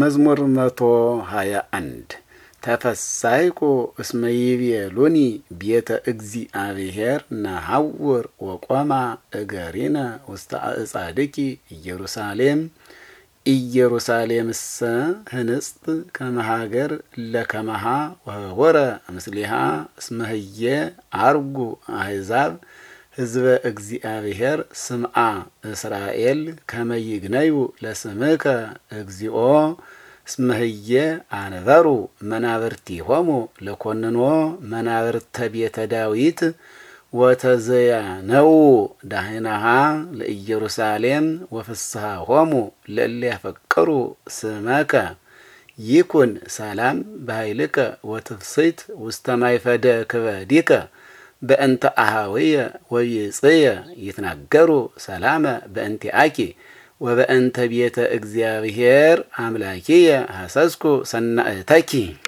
መዝሙር መቶ ሀያ አንድ ተፈሳይኮ እስመ ይቤሉኒ ቤተ እግዚአብሔር ነሐውር ወቆማ እገሪነ ውስተ አጻድቂ ኢየሩሳሌም ኢየሩሳሌምሰ ህንጽት ከመሃገር ለከመሃ ወህወረ ምስሊሃ እስመህየ አርጉ አሕዛብ ህዝበ እግዚአብሔር ስምዓ እስራኤል ከመይግነዩ ለስምከ እግዚኦ ስምህዬ አንበሩ መናብርቲ ሆሙ ለኮንኖ መናብርተ ቤተ ዳዊት ወተዘያ ነው ዳህናሃ ለኢየሩሳሌም ወፍስሐሆሙ ሆሙ ያፈቅሩ ስመከ ይኩን ሰላም በኃይልከ ወትፍስሕት ውስተ ክበዲከ በእንተ አሃውየ ወይጽየ ይትናገሩ ሰላመ በእንቲአኪ ወበእንተ ቤተ እግዚአብሔር አምላኪየ ሐሰስኩ ሰናእተኪ